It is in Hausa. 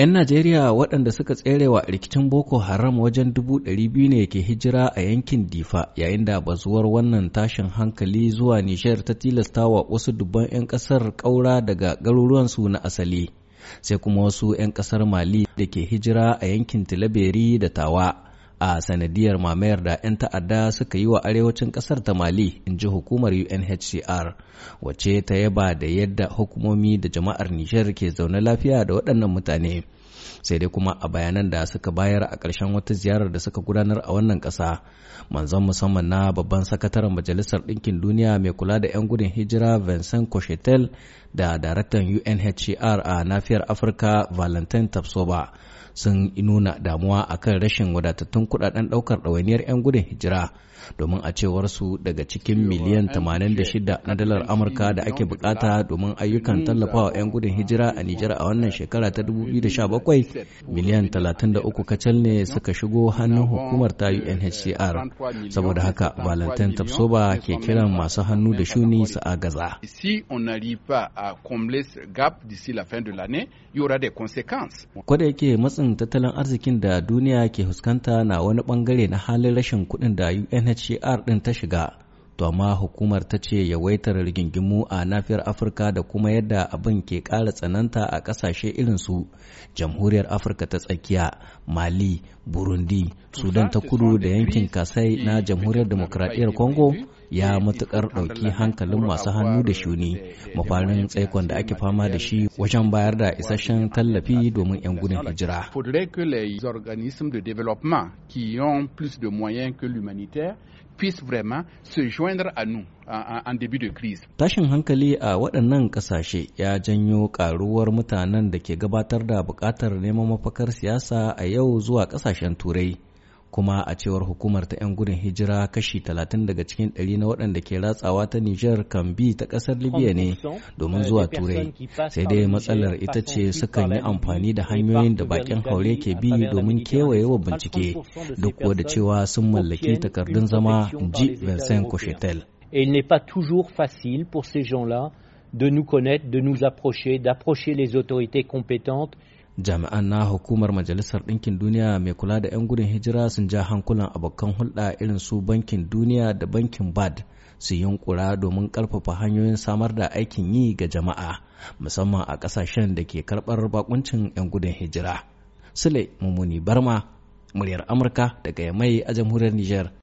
'Yan Najeriya waɗanda suka tserewa rikicin Boko Haram wajen dubu ɗari biyu ne ke hijira a yankin Difa yayin da bazuwar wannan tashin hankali zuwa nishar ta tilastawa wasu dubban 'yan ƙasar ƙaura daga garuruwansu na asali, sai kuma wasu 'yan ƙasar Mali da ke hijira a yankin Tilaberi da Tawa. a sanadiyar mamayar da 'yan ta'adda suka yi wa arewacin kasar ta mali in ji hukumar unhcr wacce ta yaba da yadda hukumomi da jama'ar nijar ke zaune lafiya da waɗannan mutane sai dai kuma a bayanan da suka bayar a ƙarshen wata ziyarar da suka gudanar a wannan ƙasa manzon musamman na babban sakataren majalisar ɗinkin duniya mai kula da 'yan gudun hijira vincent cochetel da daraktan unhcr a nafiyar afirka Valentine tapsoba sun nuna damuwa akan rashin wadatattun kudaden daukar ɗawainiyar 'yan gudun hijira domin a cewar su daga cikin miliyan 86 na dalar amurka da ake bukata domin ayyukan tallafawa 'yan gudun hijira a nijar a wannan shekara ta 2017 miliyan 33 kacal ne suka shigo hannun hukumar ta unhcr saboda haka valentin tafsoba ke kiran masu hannu da shuni su agaza Kwada yake matsin tattalin arzikin da duniya ke fuskanta na wani bangare na halin rashin kuɗin da UNHCR ɗin ta shiga. to amma hukumar ta ce yawaitar rigingimu a nafiyar afirka da kuma yadda abin ke ƙara tsananta a irin su jamhuriyar afirka ta tsakiya mali burundi sudan ta kudu da yankin kasai na jamhuriyar demokradiyyar congo ya matukar ɗauki hankalin masu hannu da shuni mafarin tsaikon da ake fama da shi wajen bayar da isasshen tallafi domin 'yan gudun hijira. de développement qui ont de moyens que puisse vraiment se joindre à nous en début de crise. Tashin hankali a waɗannan ƙasashe ya janyo ƙaruwar mutanen da ke gabatar da buƙatar neman mafakar siyasa a yau zuwa ƙasashen turai. kuma a cewar hukumar ta 'yan gudun hijira kashi 30 daga cikin 100 na waɗanda ke ratsawa ta Nijar kan bi ta ƙasar Libya ne domin zuwa Turai sai dai matsalar ita ce sukan yi amfani da hanyoyin da bakin haure ke bi domin kewaye wa bincike duk da cewa sun mallaki takardun zama ji Vincent Cochetel. Et il n'est pas toujours facile pour ces gens-là de nous connaître, de nous approcher, d'approcher les autorités compétentes jami'an na hukumar majalisar ɗinkin duniya mai kula da 'yan gudun hijira sun ja hankulan abokan hulɗa irin su bankin duniya da bankin bad su yunkura domin ƙarfafa hanyoyin samar da aikin yi ga jama'a musamman a ƙasashen da ke karɓar bakuncin 'yan gudun hijira sule mummuni barma muryar amurka daga mai a jamhuriyar niger